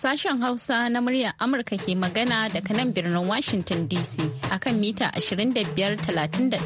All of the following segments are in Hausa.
Sashen Hausa na muryar Amurka ke magana daga nan birnin Washington DC akan mita 25-31-41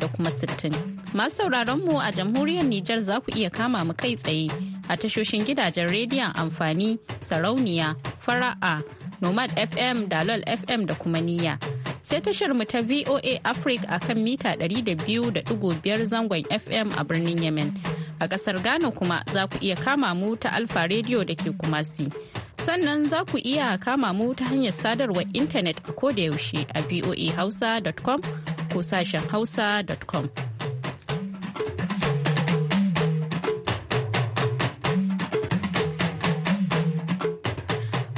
da kuma 60. Masu sauraron mu a jamhuriyar Nijar za ku iya kama mu kai tsaye a tashoshin gidajen rediyon amfani, sarauniya, fara'a, Nomad FM, Dalol FM da kuma niyya. sai tashar mu ta VOA Africa a kan mita 200.5 zangon FM a birnin Yemen. A ƙasar Ghana kuma za ku iya kama mu ta Alfa Radio da ke Kumasi. Sannan za ku iya kama mu ta hanyar sadarwar intanet a yaushe a voahausa.com ko sashen hausa.com.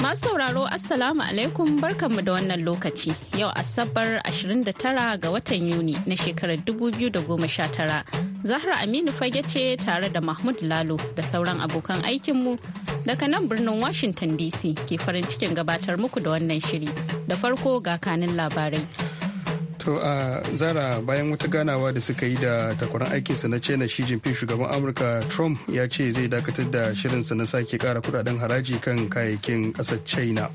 Masu sauraro Assalamu alaikum barkanmu da wannan lokaci. Yau Asabar 29 ga watan Yuni na shekarar 2019. Zahra Aminu fage ce tare da Mahmud Lalo da sauran abokan aikinmu daga nan birnin Washington DC ke farin cikin gabatar muku da wannan shiri. Da farko ga kanin labarai. to a zara bayan wata ganawa da suka yi da takwaran aikinsa na china shi jinfin shugaban amurka trump ya ce zai dakatar da shirinsa na sake kara kudaden haraji kan kayayyakin kasar china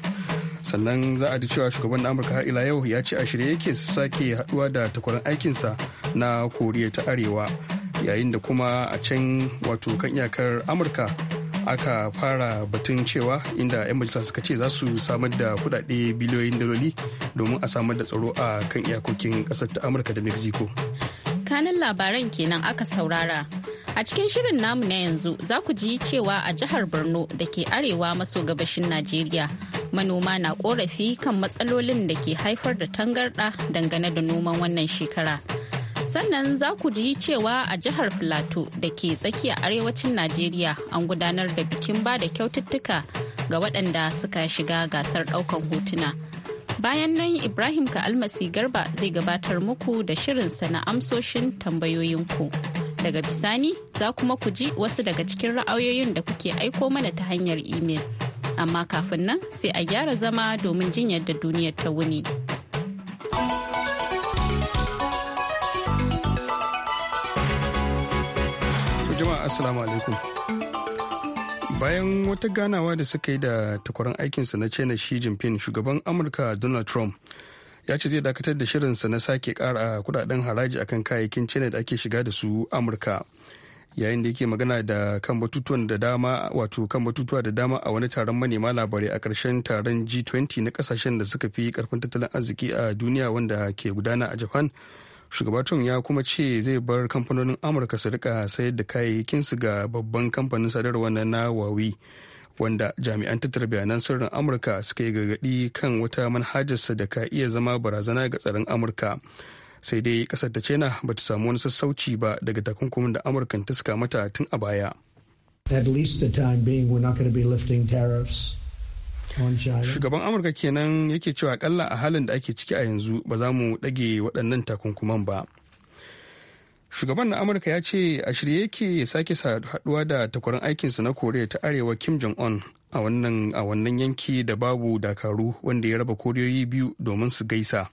sannan za a ji cewa shugaban amurka har ila yau ya ce a shirye yake su sake haduwa da takwaran aikinsa na koriya ta arewa yayin da kuma a can wato kan iyakar amurka aka fara batun cewa inda 'yan majalisa suka ce za su samar da kudade biliyoyin daloli domin a samar da tsaro a kan iyakokin kasar ta amurka da mexico kanin labaran kenan aka saurara a cikin shirin namu na yanzu za ku ji cewa a jihar borno da ke arewa maso gabashin najeriya manoma na korafi kan matsalolin da ke haifar da tangarɗa dangane da noman wannan shekara. sannan za ku ji cewa a jihar filato da ke tsakiya arewacin najeriya an gudanar da bikin ba da kyaututtuka ga waɗanda suka shiga gasar ɗaukan hotuna bayan nan ibrahim ka almasi garba zai gabatar muku da shirinsa na amsoshin tambayoyinku daga bisani za kuma ku ji wasu daga cikin ra'ayoyin da kuke aiko mana ta hanyar imel amma kafin nan sai a gyara zama domin jin da duniyar ta wuni. jama'a assalamu alaikum bayan wata ganawa da suka yi da takwaran aikinsa na china shi jinping shugaban amurka donald trump ya ce zai dakatar da shirinsa na sake kara kudaden haraji akan kayayyakin china da ake shiga da su amurka yayin da yake magana da kan batutuwan da dama wato kan batutuwa da dama a wani taron manema labarai a karshen taron g20 na kasashen da suka fi karfin tattalin arziki a duniya wanda ke gudana a japan shugaba trump ya kuma ce zai bar kamfanonin amurka su rika sayar da kayayyakinsu ga babban kamfanin sadarwa na nawawi wanda jami'an tattara bayanan sirrin amurka suka yi gargadi kan wata manhajarsa da ka iya zama barazana ga tsaron amurka sai dai kasar ta china ba ta samu wani sassauci ba daga takunkumin da amurkan ta suka mata tun a baya at least the time being we're not going to be lifting tariffs Shugaban Amurka kenan yake cewa akalla a halin da ake ciki a yanzu ba za mu dage waɗannan takunkuman ba. Shugaban na Amurka ya ce a shirye yake sake haɗuwa da takwarar aikinsa na Koriya ta Arewa Kim Jong-un a wannan yanki da babu dakaru wanda ya raba koriyoyi biyu domin su gaisa.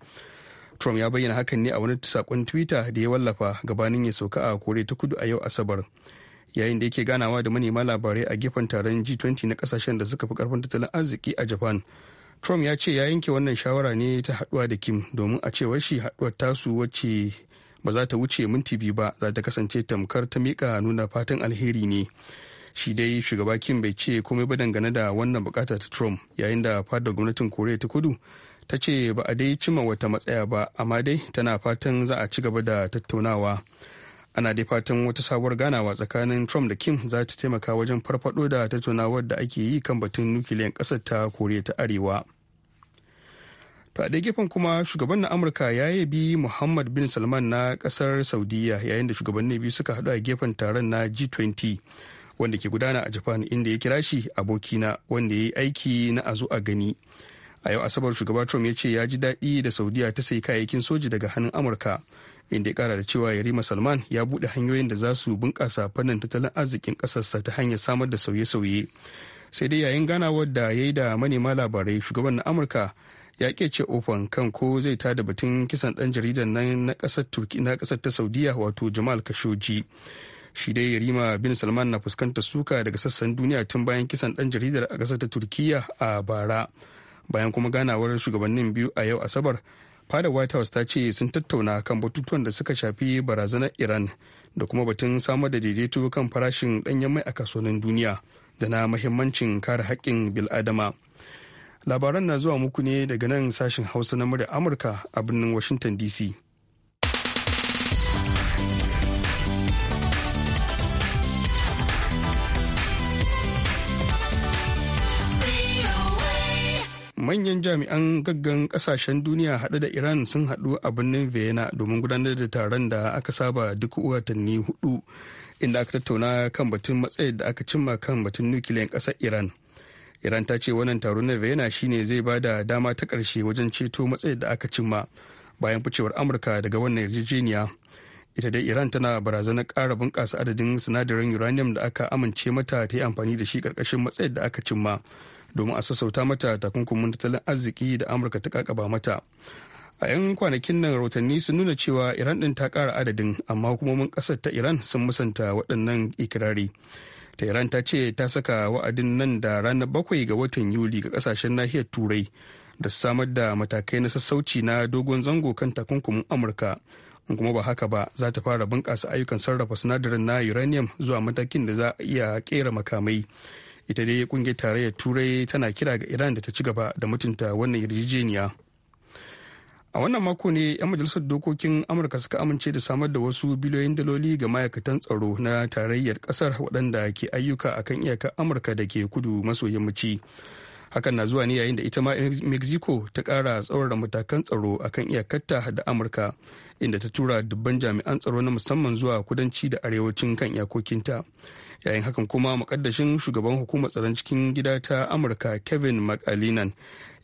Trump ya bayyana hakan ne a wani sakon Twitter da ya wallafa gabanin ya sauka a Koriya ta Kudu a yau Asabar. yayin da yake ganawa da manema labarai a gefen taron G20 na kasashen da suka fi karfin tattalin arziki a Japan. Trump ya ce ya yanke wannan shawara ne ta haduwa da Kim domin a cewar shi haduwar tasu wacce ba za ta wuce minti biyu ba za ta kasance tamkar ta mika nuna fatan alheri ne. Shi dai shugaba Kim bai ce komai ba dangane da wannan bukata ta Trump yayin da fadar gwamnatin Koriya ta kudu ta ce ba a dai cima wata matsaya ba amma dai tana fatan za a ci gaba da tattaunawa. ana dai fatan wata sabuwar ganawa tsakanin trump da kim za ta taimaka wajen farfado da tattaunawar da ake yi kan batun nukiliyan kasar ta koriya ta arewa to a gefen kuma shugaban na amurka ya yabi muhammad bin salman na kasar saudiya yayin da shugabanni biyu suka hadu a gefen taron na g20 wanda ke gudana a japan inda ya kira shi abokina wanda ya yi aiki na a a gani a yau asabar shugaba trump ya ce ya ji daɗi da saudiya ta sayi kayayyakin soji daga hannun amurka inda ya kara da cewa yarima salman ya buɗe hanyoyin da za su bunƙasa fannin tattalin arzikin ƙasarsa ta hanyar samar da sauye-sauye sai dai yayin ganawar da ya yi da manema labarai shugaban na amurka ya ce ofan kan ko zai ta da batun kisan ɗan jaridan nan na ƙasar na ƙasar ta saudiya wato jamal kashoji shi dai yarima bin salman na fuskantar suka daga sassan duniya tun bayan kisan ɗan jaridar a ƙasar ta turkiya a bara bayan kuma ganawar shugabannin biyu a yau asabar fada white house ta ce sun tattauna kan batutuwan da suka shafi barazanar iran da kuma batun samar da daidaito kan farashin danyen mai a kasuwannin duniya da na mahimmancin kare haƙƙin bil'adama labaran na zuwa muku ne daga nan sashen hausa na murya amurka a birnin washington dc manyan jami'an gaggan kasashen duniya hade da iran sun haɗu a birnin vienna domin gudanar da taron da aka saba duk watanni hudu inda aka tattauna kan batun matsayin da aka cimma kan batun nukiliyan ƙasar iran iran ta ce wannan taro na vienna shine zai ba da dama ta karshe wajen ceto matsayin da aka cimma bayan ficewar amurka daga wannan yarjejeniya ita dai iran tana barazanar kara bunƙasa adadin sinadarin uranium da aka amince mata ta yi amfani da shi karkashin matsayin da aka cimma domin a sassauta mata takunkumin tattalin arziki da amurka ta kakaba mata a 'yan kwanakin nan rahotanni sun nuna cewa iran din ta kara adadin amma hukumomin kasar ta iran sun musanta waɗannan ikirari iran ta ce ta saka wa'adin nan da ranar bakwai ga watan yuli ga kasashen nahiyar turai da samar da matakai na sassauci na dogon zango kan takunkumin amurka in kuma ba haka ba za ta fara bunƙasa ayyukan sarrafa sinadarin na uranium zuwa matakin da za a iya kera makamai ita dai kungiyar tarayyar turai tana kira ga iran da ta ci gaba da mutunta wannan yarjejeniya a wannan mako ne 'yan majalisar dokokin amurka suka amince da samar da wasu biliyoyin daloli ga ma'aikatan tsaro na tarayyar kasar waɗanda ke ayyuka akan iyakar amurka da ke kudu maso yammaci hakan na zuwa ne yayin da ita ma mexico ta kara tsaurara matakan tsaro akan iyakarta da amurka inda ta tura dubban jami'an tsaro na musamman zuwa kudanci da arewacin kan iyakokinta yayin hakan kuma makaddashin shugaban hukumar tsaron cikin gida ta amurka kevin mcallinan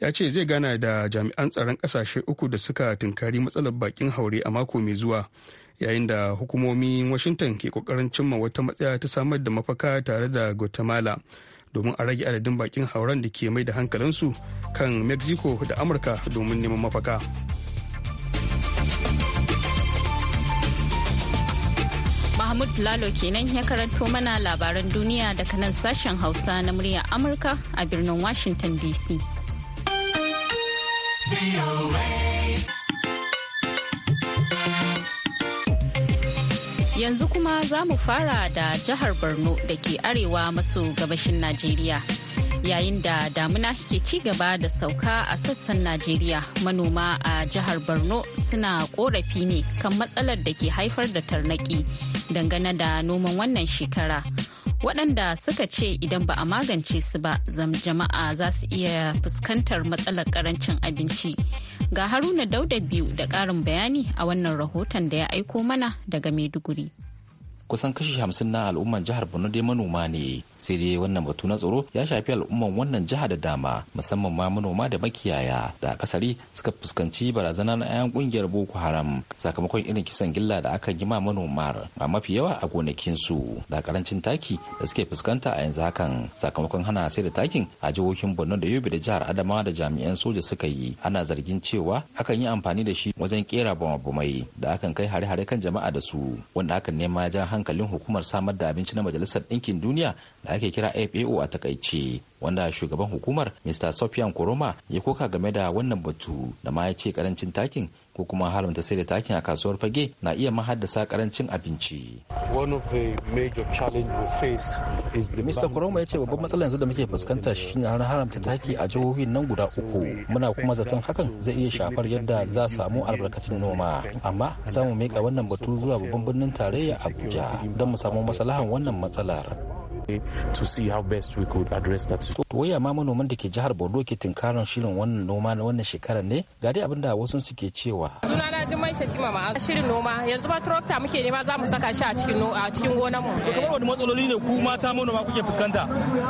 ya ce zai gana da jami'an tsaron kasashe uku da suka tunkari matsalar bakin haure a mako mai zuwa yayin da hukumomin washington ke kokarin cimma wata matsaya ta samar da mafaka tare da guatemala domin a rage adadin bakin hauren da ke mai da hankalinsu kan mexico da amurka domin neman mafaka mahmud lalo kenan ya karanto mana labaran duniya daga nan sashen hausa na murya amurka a birnin washington dc Yanzu kuma za mu fara da jihar Borno da ke arewa maso gabashin Najeriya. Yayin da damuna ke ci gaba da sauka a sassan Najeriya manoma a jihar Borno suna korafi ne kan matsalar da ke haifar da tarnaki dangane da noman wannan shekara. waɗanda suka ce idan ba a magance su ba jama'a za su iya fuskantar matsalar karancin abinci. Ga Haruna Dauda biyu da ƙarin bayani a wannan rahoton da ya aiko mana daga Maiduguri. kusan kashi hamsin na al'umman jihar borno dai manoma ne sai dai wannan batu na tsaro ya shafi al'umman wannan jiha da dama musamman ma manoma da makiyaya da kasari suka fuskanci barazana na 'yan kungiyar boko haram sakamakon irin kisan gilla da aka yi ma manomar a mafi yawa a gonakinsu da karancin taki da suke fuskanta a yanzu hakan sakamakon hana sai da takin a jihohin borno da yobe da jihar adamawa da jami'an soja suka yi ana zargin cewa akan yi amfani da shi wajen kera bama-bamai da akan kai hare-hare kan jama'a da su wanda hakan nema ya hankalin hukumar samar da abinci na majalisar ɗinkin duniya da ake kira fao a takaice wanda shugaban hukumar mr sofian koroma ya koka game da wannan batu da ma ya ce karancin takin ko kuma haramta sai da takin a kasuwar fage na iya mahaddasa karancin abinci. Mr. Kuroma ya ce babban matsalar yanzu da muke fuskanta shine har haramta taki a jihohin nan guda uku. Muna kuma zaton hakan zai iya shafar yadda za a samu albarkacin noma. Amma za mu mika wannan batu zuwa babban birnin tarayya Abuja don mu samu masalahan wannan matsalar. Eh, to see how best we could address that. Waya ma manoman da ke jihar Borno ke tinkarar shirin wannan noma na wannan shekarar ne ga dai abinda wasu suke cewa. suna na jin maisha Shatima ma shirin noma yanzu ba tractor muke nema za mu saka shi a cikin a cikin gonar mu. To kamar wani matsaloli ne ku mata manoma kuke fuskanta?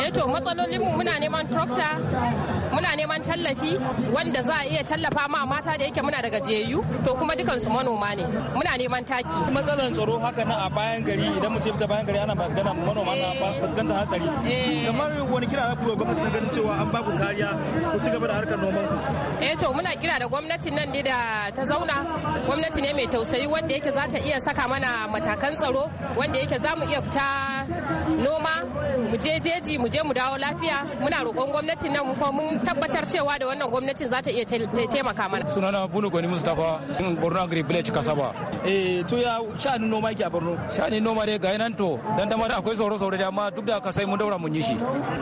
Eh to matsalolin mu muna neman tractor muna neman tallafi wanda za a iya tallafa ma mata da yake muna da jeyu to kuma dukansu manoma ne muna neman taki matsalan tsaro haka na a bayan gari idan mu ce ta bayan gari ana magana manoma na eh. fuskantar hatsari eh. kamar wani kira za ku ga gwamnati na ganin cewa an ba ku kariya ku ci gaba da harkar noman eh to muna kira da gwamnatin nan ne da ta zauna gwamnati ne mai tausayi wanda yake za ta iya saka mana matakan tsaro wanda yake za mu iya fita noma mu je jeji mu je mu dawo lafiya muna roƙon gwamnatin nan ko mun tabbatar cewa da wannan gwamnatin za ta iya taimaka mana sunana bunu goni mustafa borno agri village kasaba eh to ya sha'anin noma yake a borno sha'anin noma dai ga nan to dan da akwai tsoro tsoro da amma duk da haka sai mun daura mun yi shi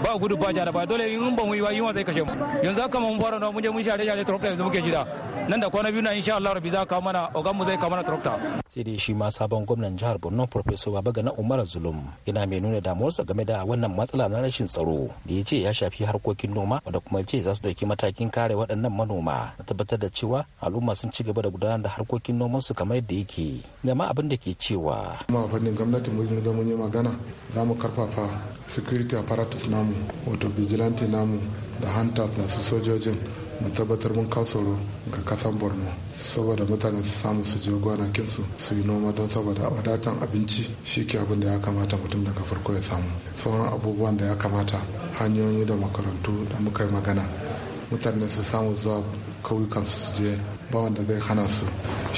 ba gudu ba jara ba dole in ba mu yi wa yunwa zai kashe mu yanzu haka mun fara noma mun je mun share share tractor yanzu muke jira nan da kwana biyu na insha Allah rabbi za ka mana ogan mu zai ka mana tractor sai dai shi ma sabon gwamnatin jihar Borno professor Babagana Umar Zulum yana mai nuna damuwarsa game da wannan matsala na rashin tsaro da ya ce ya shafi harkokin noma wanda kuma ya ce za su ɗauki matakin kare waɗannan manoma na tabbatar da cewa al'umma sun ci gaba da gudanar da harkokin su kamar yadda yake gama abin da ke cewa. kuma a fannin gwamnati mu yi mun yi magana za mu karfafa security apparatus namu wato vigilante namu da hanta da su sojojin mu tabbatar mun kawo tsaro ga kasan borno saboda mutane su samu su je gwanakin su su yi noma don saboda wadatan abinci shi ke abin da ya kamata mutum daga farko ya samu sauran abubuwan da ya kamata hanyoyi da makarantu da muka yi magana mutane su samu zuwa kauyukansu su je ba wanda zai hana su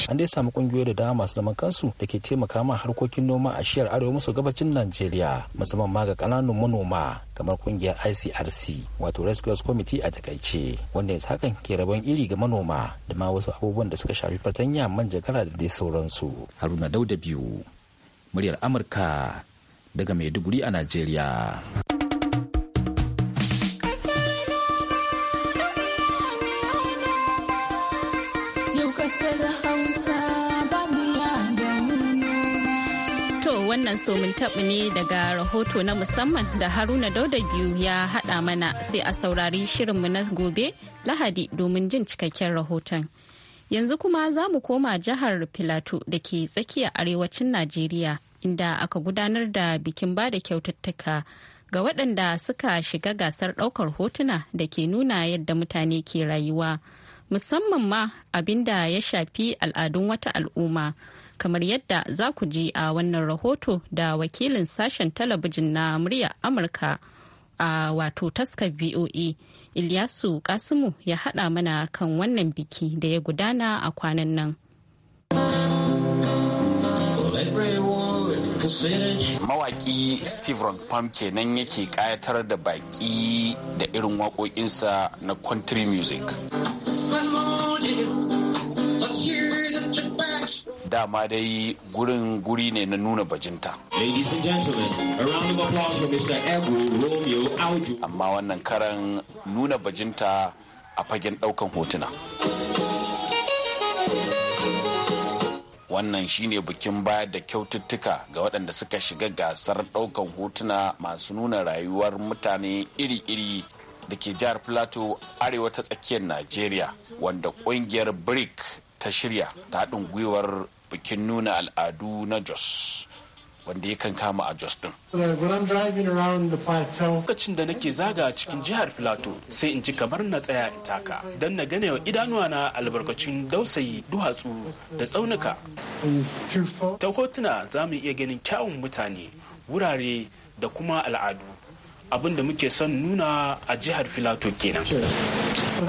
an dai samu kungiyoyi da dama masu zaman kansu da ke taimaka ma harkokin noma a shiyar arewa maso gabacin najeriya musamman ma ga ƙananan manoma kamar kungiyar icrc wato rescuers committee a takaice wanda yanzu hakan ke rabon iri ga manoma da ma wasu abubuwan da suka shafi fatanya manjagara da dai sauransu haruna dauda biyu muryar amurka daga maiduguri a najeriya wannan somin taɓu ne daga rahoto na musamman da haruna dauda biyu ya haɗa mana sai a saurari shirinmu na gobe lahadi domin jin cikakken rahoton yanzu kuma za mu koma jihar filato da ke tsakiya arewacin najeriya inda aka gudanar da bikin ba da kyaututtuka ga waɗanda suka shiga gasar ɗaukar hotuna da ke nuna yadda mutane ke rayuwa musamman ma abin da ya shafi al'adun wata al'umma kamar yadda za ku ji a wannan rahoto da wakilin sashen talabijin na murya Amurka a wato taskar VOA. E, Ilyasu Kasimu ya haɗa mana kan wannan biki da ya gudana a kwanan nan. Mawaki Steve pam kenan yake kayatar da baki da irin waƙoƙinsa na country music. dama dai gurin guri ne na nuna bajinta. Amma wannan karan nuna bajinta a fagen ɗaukan hotuna. wannan shine bikin bayar da kyaututtuka ga waɗanda suka shiga gasar ɗaukan hotuna masu nuna rayuwar mutane iri-iri da ke jihar plateau arewa ta tsakiyar najeriya wanda ƙungiyar bric ta shirya da haɗin gwiwar bikin nuna al'adu na jos wanda yakan kama a jos din lokacin da nake zaga cikin jihar filato sai in ji kamar na tsaya in taka don na gane wa idanuwa na albarkacin dausayi duhatsu da tsaunuka ta kotuna za mu iya ganin kyawun mutane wurare da kuma al'adu abin da muke son nuna a jihar filato kenan Shi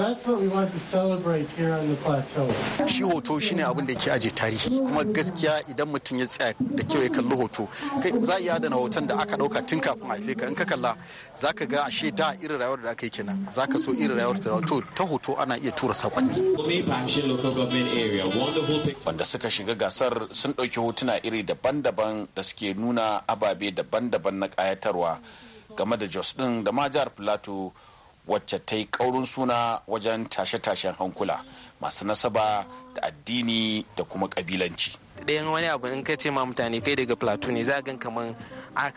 hoto shine abin da ke aje tarihi kuma gaskiya idan mutum ya tsaya da kyau ya kalli hoto kai za iya adana hoton da aka dauka tun kafin haife ka in ka kalla zaka ga ashe da irin rayuwar da aka yi kenan zaka so irin rayuwar da to ta hoto ana iya tura sakonni. Wanda suka shiga gasar sun ɗauki hotuna iri daban-daban da suke nuna ababe daban-daban na kayatarwa game da Jos din da ma jihar Plateau wacce ta yi ƙaurin suna wajen tashe-tashen hankula masu nasaba da addini da kuma ƙabilanci. ɗayan wani abu in ka ce ma mutane kai daga plateau ne za gan kamar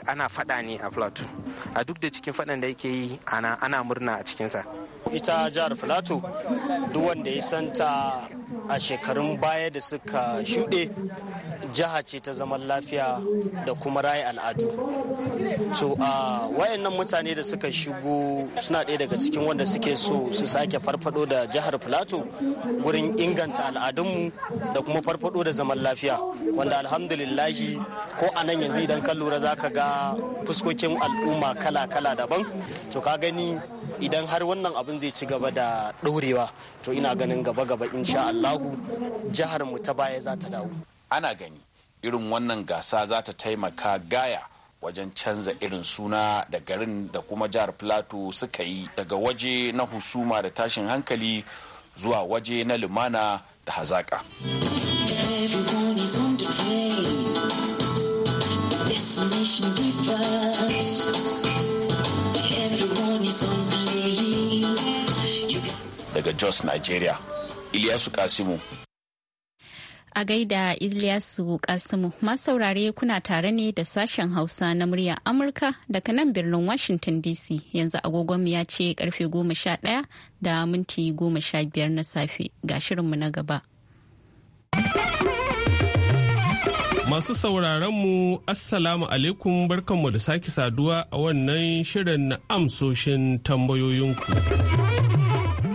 ana faɗa ne a plateau a duk da cikin faɗan da yake yi ana murna a cikinsa ita jihar filato duk wanda ya santa a shekarun baya da suka shuɗe jiha ce ta zaman lafiya da kuma raya al'adu to a wayannan mutane da suka shigo suna ɗaya daga cikin wanda suke so su sake farfado da jihar filato gurin inganta al'adunmu da kuma farfado da zaman lafiya wanda alhamdulillahi ko a nan yanzu idan kan lura za ka ga fuskokin al'umma kala-kala daban to ka gani idan har wannan abin zai ci gaba da ɗorewa to ina ganin gaba-gaba insha Allahu jihar mu ta baya za ta dawo. ana gani irin wannan gasa za ta taimaka gaya wajen canza irin suna da garin da kuma jihar plateau suka yi daga waje na husuma da tashin hankali zuwa waje na lumana da hazaka. Daga Jos, Nigeria, Iliyasu Kasimu, a gaida Ilyasu Kasimu saurare kuna tare ne da sashen Hausa na murya Amurka daga nan birnin Washington DC yanzu agogonmu ya ce karfe 11 da minti 15 na safe ga shirinmu na gaba. Masu sauraronmu Assalamu alaikum barkanmu da sake saduwa a wannan shirin na amsoshin tambayoyinku.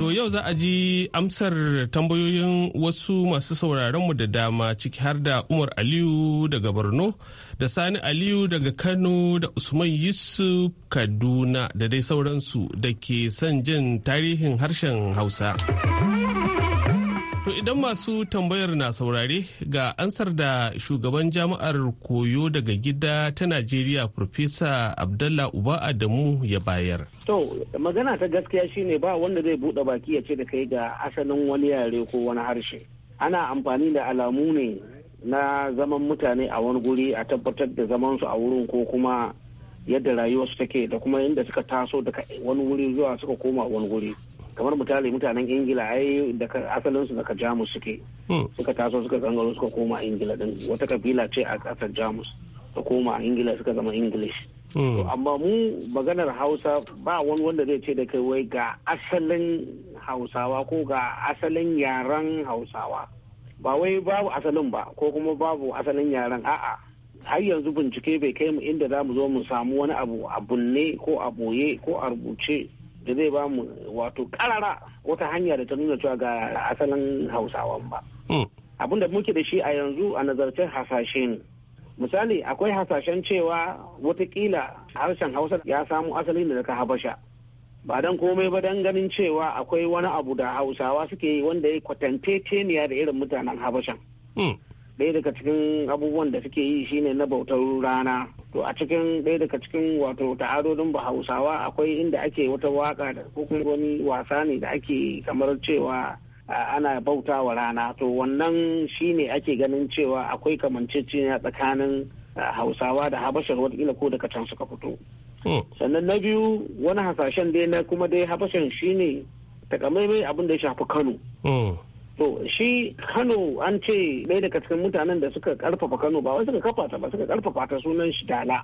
To yau za a ji amsar tambayoyin wasu masu sauraronmu da dama ciki har da Umar Aliyu daga Borno da Sani Aliyu daga Kano da Usman Yusuf Kaduna da dai sauransu da ke son jin tarihin harshen Hausa. To idan masu tambayar na saurare ga ansar da shugaban jami'ar koyo daga gida ta Najeriya Profesa Abdallah Uba Adamu ya bayar. To magana ta gaskiya shine ba wanda zai buɗe baki ya ce da kai ga asalin wani yare ko wani harshe. Ana amfani da alamu ne na zaman mutane a wani guri a tabbatar da zaman su a wurin ko kuma yadda rayuwarsu take da kuma inda suka taso daga wani wuri zuwa suka koma wani guri. kamar misali mutanen ingila ai da asalin su daga jamus suke hmm. suka taso suka gangaro suka koma ingila din wata kabila ce a kasar jamus ta koma ingila suka zama english hmm. amma mu maganar hausa ba wani wanda zai ce da kai wai ga asalin hausawa ko ga asalin yaren hausawa ba wai babu asalin ba ko kuma babu asalin yaren a'a har yanzu bincike bai kai mu inda za mu zo mu samu wani abu a bunne ko a boye ko a rubuce da zai ba mu wato karara wata hanya da ta nuna cewa ga asalin Hausawa ba hmm. abin da muke da shi a yanzu a nazarcen hasashe ne misali akwai hasashen cewa watakila harshen hausa ya samu asali ne daga habasha ba dan komai ba dan ganin cewa akwai wani abu da hausawa suke yi wanda ya kwatanteteniya da irin mutanen habashan hmm. ɗaya daga cikin abubuwan da suke yi shine na bautar rana to a cikin ɗaya daga cikin wato ta'adodin bahausawa akwai inda ake wata waka da ko wasa ne da ake kamar cewa ana bauta wa rana to wannan shine ake ganin cewa akwai kamanceceniya tsakanin hausawa da habashar watakila ko daga can suka fito hmm. sannan na biyu wani hasashen dai na kuma dai habashan shine takamaimai abin da ya shafi kano hmm. To shi Kano an ce ɗaya daga cikin mutanen da suka karfafa Kano ba wai suka kafa ta ba suka karfafa ta sunan shi Dala.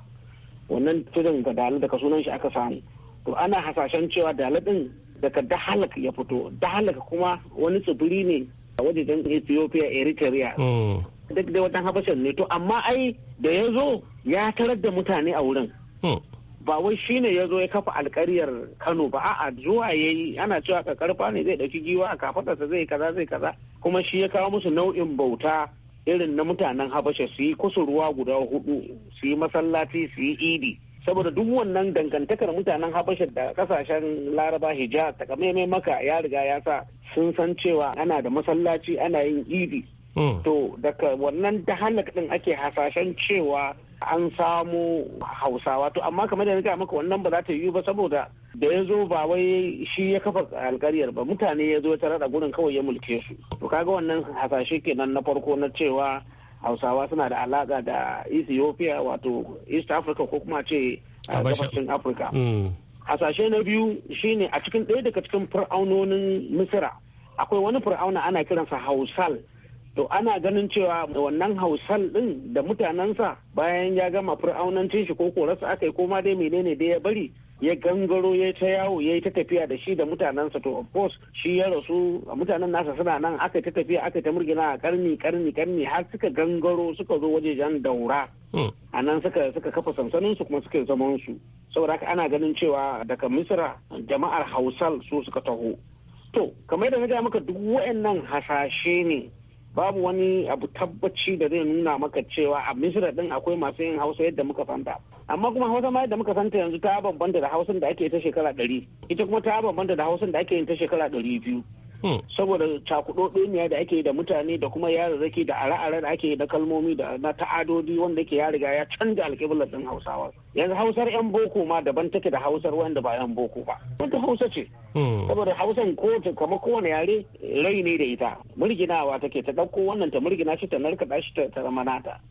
Wannan tudun ga Dala daga sunan shi aka samu. To ana hasashen cewa Dala din daga Dahalak ya fito. Dahalak kuma wani tsibiri ne a wajejen Ethiopia Eritrea. Hmm. Duk da wata habashin ne to amma ai da ya zo ya tarar da mutane a wurin. Hmm. ba wai shine ya zo ya kafa alkariyar kano ba a'a zuwa ya yi ana cewa karfa ne zai ɗauki giwa a kafatarsa zai kaza zai kaza kuma shi ya kawo musu nau'in bauta irin na mutanen habasha su yi kusurwa guda hudu su yi masallaci su yi idi saboda duk wannan dangantakar mutanen habasha da kasashen laraba hijaz takamaimai maka ya riga ya sa sun san cewa ana da masallaci ana yin idi hmm. to daga wannan ta halak din ake hasashen cewa an samo hausawa to amma kamar da riga maka wannan ba za ta yiwu ba saboda da ya zo ba wai shi ya kafa alkariyar ba mutane ya zo ta rada gurin kawai ya mulke su to kaga wannan hasashe kenan na farko na cewa hausawa suna da alaka da ethiopia wato east africa ko kuma ce gabashin africa mm. hasashe na biyu shine a cikin ɗaya daga cikin fir'aunonin misira akwai wani fir'auna ana kiransa hausal to ana ganin cewa wannan hausan din da mutanensa bayan ya gama fir'aunancin shi ko korarsa aka yi koma dai menene da ya bari ya gangaro ya ta yawo ya yi ta tafiya da shi da mutanensa to of course shi ya rasu mutanen nasa suna nan aka ta tafiya aka ta murgina a karni karni karni har suka gangaro suka zo wajejen daura hmm. a nan suka kafa sansanin su kuma suka zaman su saboda haka ana ganin cewa daga misira jama'ar hausal su suka taho to kamar yadda na gaya maka duk wa'annan hasashe ne babu wani abu tabbaci da zai nuna maka cewa a misira din akwai masu yin hausa yadda muka santa amma kuma hausa ma yadda muka santa yanzu ta bambanta da hausan da ake ta shekara ɗari ita kuma ta bambanta da hausan da ake yin ta shekara ɗari biyu hmm. saboda cakuɗo da ake da mutane da kuma yararraki da are-are da ake da kalmomi da na ta'adodi wanda yake ya riga ya canza alƙiblar ɗin hausawa yanzu hausar yan boko ma daban take da hausar wanda ba yan boko ba Wata hausa ce hmm. saboda hausan ko ta kama kowane yare rai ne da ita murginawa take ta ɗauko wannan ta murgina shi ta narkaɗa shi ta ta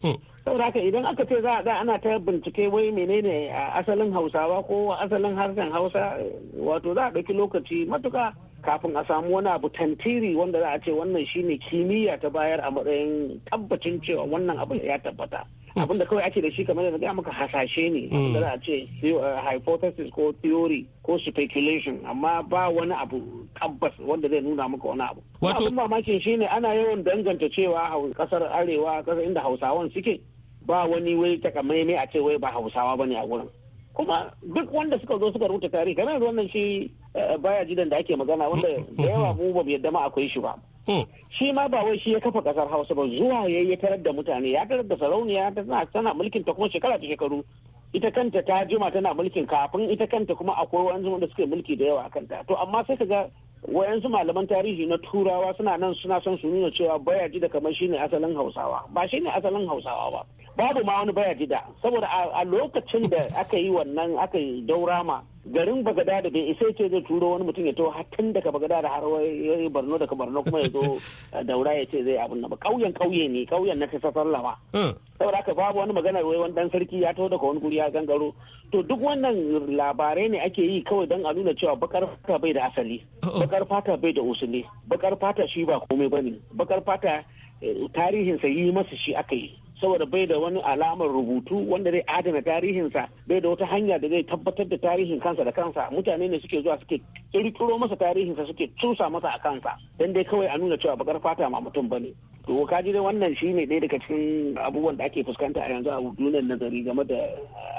hmm. saboda haka idan aka ce za a da ana ta bincike wai menene asalin hausawa ko asalin harshen hausa wato za a ɗauki lokaci matuka kafin a samu wani abu tantiri wanda za a ce wannan shine kimiyya ta bayar a matsayin tabbacin cewa wannan abu ya tabbata Mm. abinda kawai ake da shi kamar da gaya maka hasashe ne mm. abinda za a ce uh, hypothesis ko theory ko speculation amma ba wani abu tabbas wanda zai nuna maka wani abu wato abin mamakin shine ana yawan danganta cewa kasar arewa kasar inda hausawan suke ba wani wai takamaimai a ce wai ba hausawa bane a wurin kuma duk wanda suka zo suka rubuta tarihi kamar yanzu wannan shi uh, baya jidan da ake magana wanda mm. da yawa mu ba yadda ma akwai shi ba Hmm. shi ma ba wai shi ya kafa kasar hausa ba zuwa ya yi tarar da mutane ya tarar da sarauniya tana mulkin ta kuma shekara ta shekaru ita kanta ta jima tana mulkin kafin ita kanta kuma akwai wa'ansu da suke mulki da yawa a kanta to amma sai ka ga wayansu malaman tarihi na turawa suna nan suna son su nuna cewa bayaji da kamar shine asalin hausawa ba shine asalin hausawa ba babu ma wani bayaji da saboda a lokacin da aka yi wannan aka yi daurama garin Bagada da bai isa ce zai turo wani mutum ya to tun daga Bagada da har wai barno daga barno kuma ya zo eh, daura ya ce zai abin nan ba kauyen kauye ne kauyen na ta sallama hmm. saboda haka babu wani magana wai wani dan sarki ya to daga wani guri ya gangaro to duk wannan labarai ne ake yi kawai dan a nuna cewa bakar fata bai da asali uh-uh. bakar fata bai da usuli bakar fata shi ba komai bane bakar fata eh, tarihin sa yi masa shi aka yi saboda bai da wani alamar rubutu wanda zai adana tarihinsa bai da wata hanya da zai tabbatar da tarihin kansa da kansa mutane ne suke zuwa suke kirkiro masa tarihinsa suke cusa masa a kansa dan dai kawai a nuna cewa bakar fata ma mutum bane to ka ji dai wannan shine ɗaya daga cikin abubuwan da ake fuskanta a yanzu a duniyar nazari game da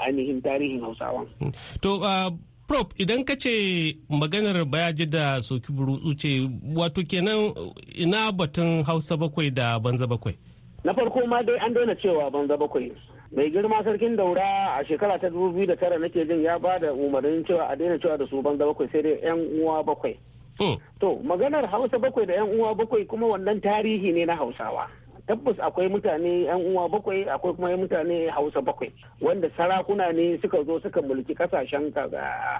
ainihin tarihin hausawa. to uh, Prof idan ka ce maganar bayaji da soki burutsu ce wato kenan ina batun hausa bakwai da banza bakwai. na farko ma dai an daina cewa banza bakwai mai girma sarkin daura a shekara ta dubu biyu da tara nake jin ya ba da umarnin cewa a daina cewa da su banza bakwai sai dai yan uwa bakwai hmm. to maganar hausa bakwai da yan uwa bakwai kuma wannan tarihi ne na hausawa tabbas akwai mutane yan uwa bakwai akwai kuma mutane hausa bakwai wanda sarakuna ne suka zo suka mulki kasashen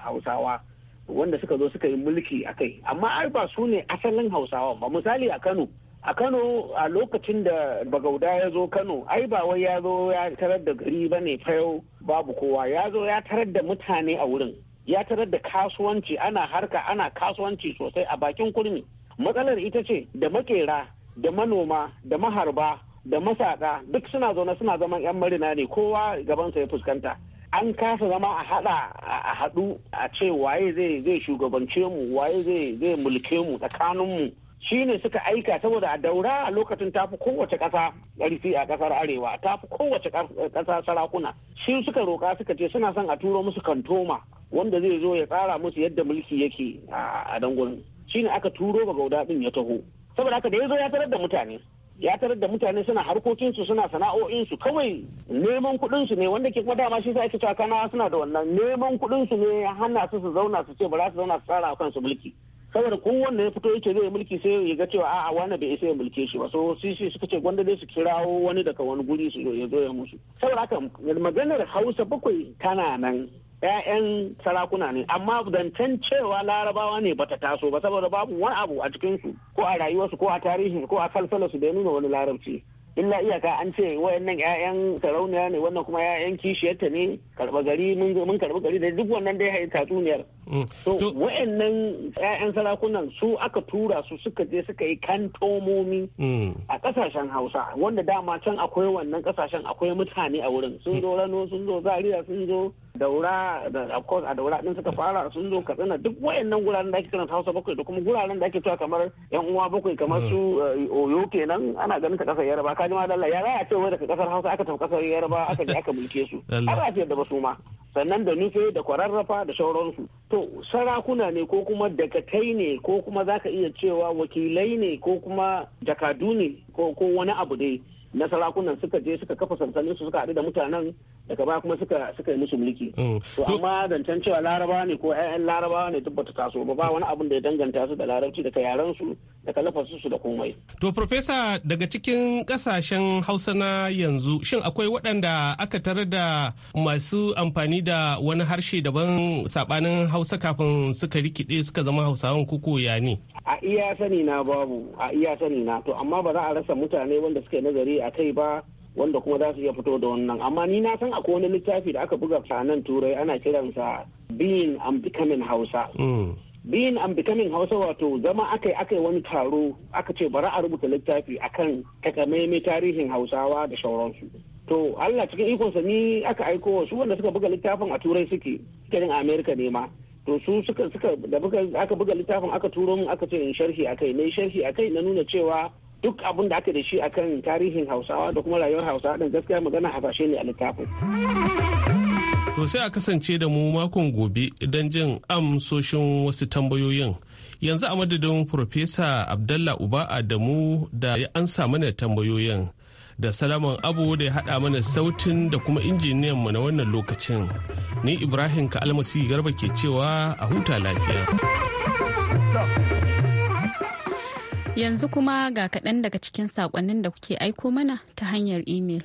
hausawa wanda suka zo suka yi mulki a kai amma ai ba su ne asalin hausawa ba misali a kano a kano a lokacin da bagauda ya zo kano ai ba wai ya zo ya tarar da gari ba ne fayau babu kowa ya zo ya tarar da mutane a wurin ya tarar da kasuwanci ana harka ana kasuwanci sosai a bakin kurmi matsalar ita ce da makera da manoma da maharba da masaka duk suna zaune suna zaman yan marina ne kowa gabansa ya fuskanta an kasa zama a hada a hadu a ce waye zai shugabance mu waye zai mulke mu tsakanin mu. shi ne suka aika saboda a daura a lokacin tafi kowace ƙasa ƙarfi a kasar arewa tafi kowace ƙasa sarakuna shi suka roƙa suka ce suna son a turo musu kantoma wanda zai zo ya tsara musu yadda mulki yake a dangon shi ne aka turo ba gauda ɗin ya taho saboda haka da ya zo ya tarar da mutane ya tarar da mutane suna harkokinsu suna sana'o'insu kawai neman kuɗinsu ne wanda ke kuma dama shi sa ake cewa suna da wannan neman kuɗinsu ne ya hana su su zauna su ce ba za su zauna su tsara kansu mulki saboda kowanne ya fito yake zai mulki sai ya ga cewa a'a wani bai isa ya mulke shi ba so sisi suka ce gwanda dai su kirawo wani daga wani guri su zo ya zo ya musu saboda haka maganar hausa bakwai tana nan ‘ya'yan sarakuna ne amma zancen cewa larabawa ne bata taso ba saboda babu wani abu a cikin su ko a rayuwarsu ko a tarihin ko a su da ya nuna wani larabci illa iyaka an ce wayannan ƴaƴan sarauniya ne wannan kuma ƴaƴan kishiyarta ne karɓa gari mun karɓi gari da duk wannan dai hayi tatsuniyar mm. to wayannan ƴaƴan sarakunan su aka tura su suka je suka yi kantomomi mm. a kasashen Hausa wanda dama can akwai wannan kasashen akwai mutane a wurin sun zo Rano sun zo Zaria sun zo daura da of course a daura din suka fara sun zo ka katsina duk wayannan guraren da ake kiran hausa bakwai da kuma guraren da ake cewa kamar yan uwa bakwai kamar su hmm. eh, oyo kenan ana ganin ta kasar yarba kaji ma dalla ya ce wai daga kasar hausa aka tafi kasar yarba aka je aka mulke su ana ce da basu ma sannan da nufe da kwararrafa da sauransu to sarakuna ne ko kuma dakatai ne ko kuma zaka iya cewa wakilai ne ko kuma jakadu ne ko wani abu dai na sarakunan suka je suka kafa sansanin su suka haɗu da mutanen daga baya kuma suka suka yi musu mulki mm. to amma zancen cewa laraba ne ko ƴaƴan larabawa ne duk bata taso ba ba wani abin da ya danganta su da larabci daga yaran su daga lafasu su da komai to profesa daga cikin kasashen hausa na yanzu shin akwai waɗanda aka tarar da masu amfani da wani harshe daban sabanin hausa kafin suka rikide suka zama hausawan kuko ya ne a iya sani na babu a iya sani na to amma ba za a rasa mutane wanda suke nazari a kai ba wanda kuma za su iya fito da wannan amma ni na san akwai wani littafi da aka buga a nan turai ana kiransa being and becoming hausa mm. being and becoming hausa wato zama aka yi aka wani taro aka ce bari a rubuta littafi akan takamaimai tarihin hausawa da sauransu to allah cikin ikonsa ni aka aiko wasu wanda suka buga littafin a turai suke cikin america ne ma to su suka suka da aka buga littafin aka turo min aka ce in sharhi akai na sharhi akai na nuna cewa duk abin da aka da shi akan tarihin hausawa da kuma rayuwar hausawa din gaskiya magana hasashe ne a littafin to sai a kasance da mu makon gobe don jin amsoshin wasu tambayoyin yanzu a madadin Profesa Abdallah Uba Adamu da ya ansa mana tambayoyin da Salaman Abu da ya haɗa mana sautin da kuma injiniyan mu na wannan lokacin. Ni Ibrahim Ka'almasi Garba ke cewa a huta lafiya. Yanzu kuma ga kaɗan daga cikin saƙonnin da kuke aiko mana ta hanyar imel.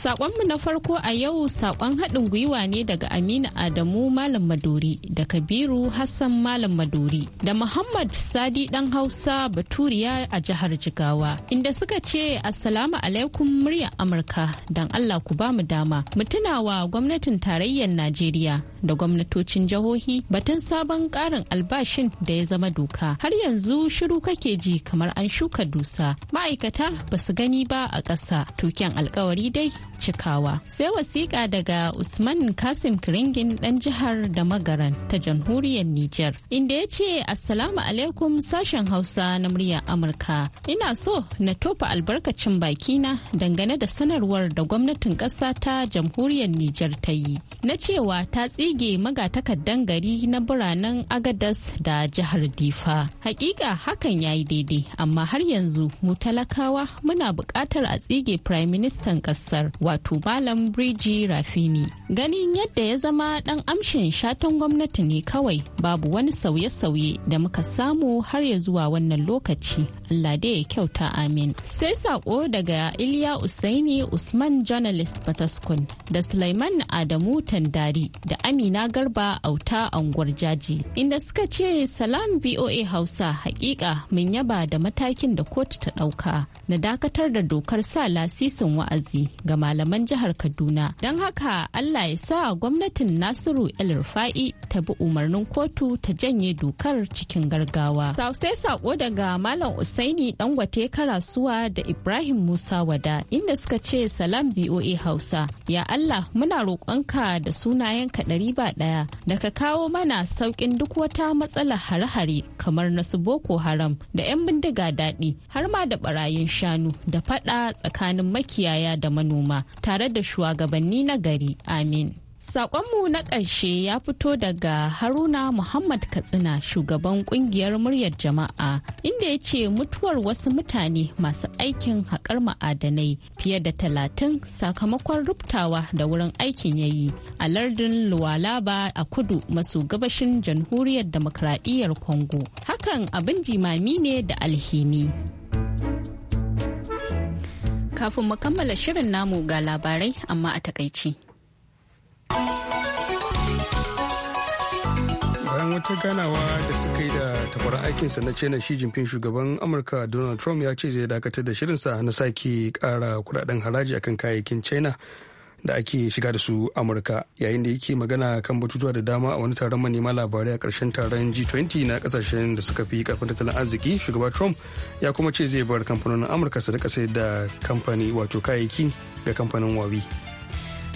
Sakonmu na farko a yau sakon haɗin gwiwa ne daga Aminu Adamu Malam Maduri da Kabiru Hassan Malam Maduri da Muhammad Sadi ɗan Hausa Baturiya a jihar Jigawa inda suka ce Assalamu alaikum murya Amurka don Allah ku ba mu dama. mutunawa wa gwamnatin tarayyar Najeriya da gwamnatocin jihohi batun sabon ƙarin albashin da ya zama doka. Har yanzu shiru kake ji kamar an shuka dusa. Ma'aikata ba su gani ba a ƙasa. Tuken alkawari dai cikawa. Sai wasiƙa daga Usman Kasim Kiringin ɗan jihar da magaran ta jamhuriyar Nijar, inda ya ce Assalamu alaikum sashen Hausa na muryar Amurka. Ina so na tofa albarkacin bakina dangane da sanarwar da gwamnatin ƙasa ta jamhuriyar Nijar ta yi. Na cewa ta tsige magatakardan gari na biranen Agadas da jihar Difa. Hakika hakan ya yi daidai, amma har yanzu mu talakawa muna buƙatar a tsige Prime Ministan ƙasar. wato Malam Briji Rafini. Ganin yadda ya zama ɗan amshin shatan gwamnati ne kawai babu wani sauye-sauye da muka samu har ya zuwa wannan lokaci. Allah dai ya kyauta amin. Sai saƙo daga Iliya Usaini Usman Journalist bataskun da Sulaiman Adamu Tandari da Amina Garba Auta Angwar Jaji inda suka ce salam VOA Hausa hakika mun yaba da matakin da kotu ta ɗauka na dakatar da dokar sa lasisin wa'azi ga mal malaman jihar Kaduna. Don haka Allah ya sa gwamnatin Nasiru El Rufa'i ta bi umarnin kotu ta janye dokar cikin gargawa. Sausai sako daga Malam Usaini Dangwate Karasuwa da Ibrahim Musa Wada inda suka ce salam BOA Hausa. Ya Allah muna roƙonka da sunayenka ɗari ba ɗaya da ka kawo mana sauƙin duk wata matsalar hare-hare kamar na su Boko Haram da 'yan bindiga daɗi har ma da ɓarayin shanu da faɗa tsakanin makiyaya da manoma tare da shugabanni na gari amin saƙonmu na ƙarshe ya fito daga Haruna Muhammad Katsina shugaban ƙungiyar muryar jama'a inda ya ce mutuwar wasu mutane masu aikin haƙar ma'adanai fiye da talatin sakamakon rubtawa da wurin aikin ya yi a lardin Luwalaba a kudu maso gabashin jamhuriyar demokradiyyar Congo. Hakan abin jimami ne da alhini. kafin mu kammala shirin namu ga labarai amma a takaici. bayan wata ganawa da suka yi da tabar aikinsa na china shi jinfin shugaban amurka donald trump ya ce zai dakatar da shirinsa na sake kara kudaden haraji akan kayayyakin china da ake shiga da su amurka yayin da yake magana kan batutuwa da dama a wani taron manema labarai a karshen taron g20 na kasashen da suka fi karfin tattalin arziki shugaba trump ya kuma ce zai bar kamfanonin amurka su rika kasai da kamfani wato kayayyaki ga kamfanin wawi.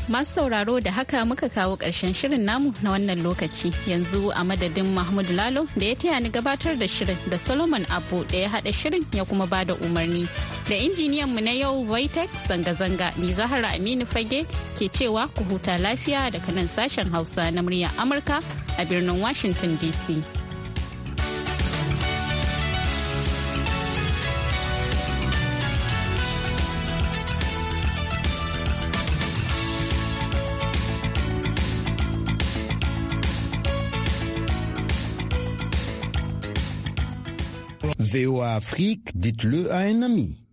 Masu sauraro da haka muka kawo ƙarshen shirin namu na wannan lokaci yanzu a madadin Mahmud Lalo da ya taya ni gabatar da shirin da Solomon Abu da ya haɗa shirin ya kuma ba da umarni. Da injiniyan mu na yau Voitech zanga-zanga ni Zahara Aminu Fage ke cewa ku huta lafiya daga nan sashen Hausa na muryar Amurka a birnin Washington DC. à Afrique, dites-le à un ami.